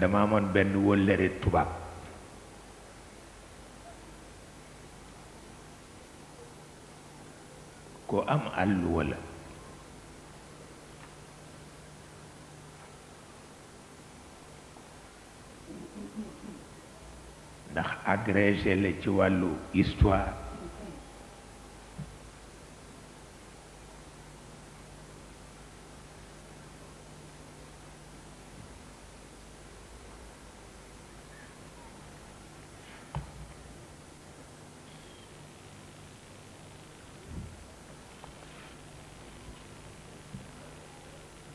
dama amoon benn wëllëre tubaab ko am àll wala ndax agrégé la ci wàllu histoire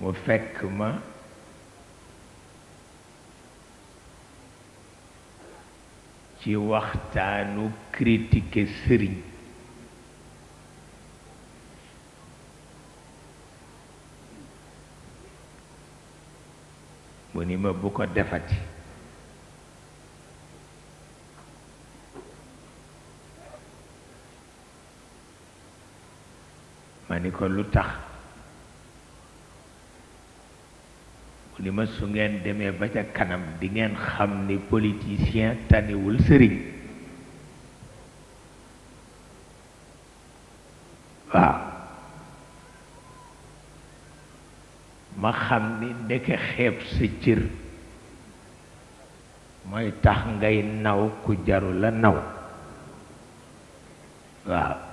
mu fekk ma ci waxtaanu critiquer sëriñ mu ni ma bu ko defati ma ni ko lu tax lima su ngeen demee ba ca kanam di ngeen xam ni politicien taniwul sëriñ waaw ma xam ni ndeke xeeb sa cir mooy tax ngay naw ku jaru la naw waaw ha.